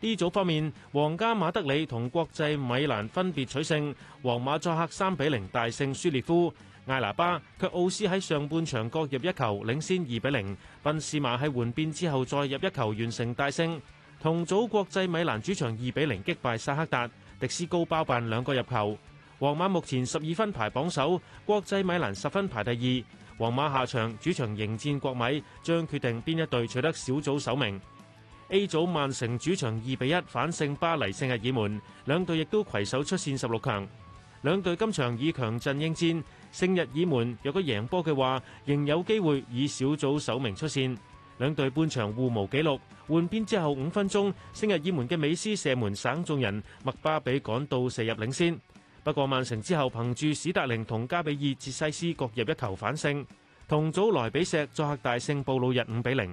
D 組方面，皇家馬德里同國際米蘭分別取勝，皇馬作客三比零大勝舒列夫，艾拿巴卻奧斯喺上半場各入一球，領先二比零，賓士馬喺換邊之後再入一球完成大勝。同組國際米蘭主場二比零擊敗薩克達，迪斯高包辦兩個入球。皇馬目前十二分排榜首，國際米蘭十分排第二。皇馬下場主場迎戰國米，將決定邊一隊取得小組首名。A 組曼城主場二比一反勝巴黎聖日耳門，兩隊亦都攜手出線十六強。兩隊今場以強陣應戰，聖日耳門若果贏波嘅話，仍有機會以小組首名出線。兩隊半場互無紀錄，換邊之後五分鐘，聖日耳門嘅美斯射門省眾人，麥巴比趕到射入領先。不過曼城之後憑住史達靈同加比爾哲西斯各入一球反勝，同組萊比錫作客大勝布魯日五比零。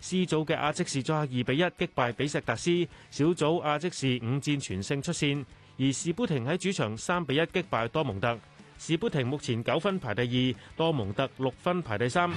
C 組嘅阿積士作客二比一擊敗比錫達斯，小組阿積士五戰全勝出線，而士砵亭喺主場三比一擊敗多蒙特，士砵亭目前九分排第二，多蒙特六分排第三。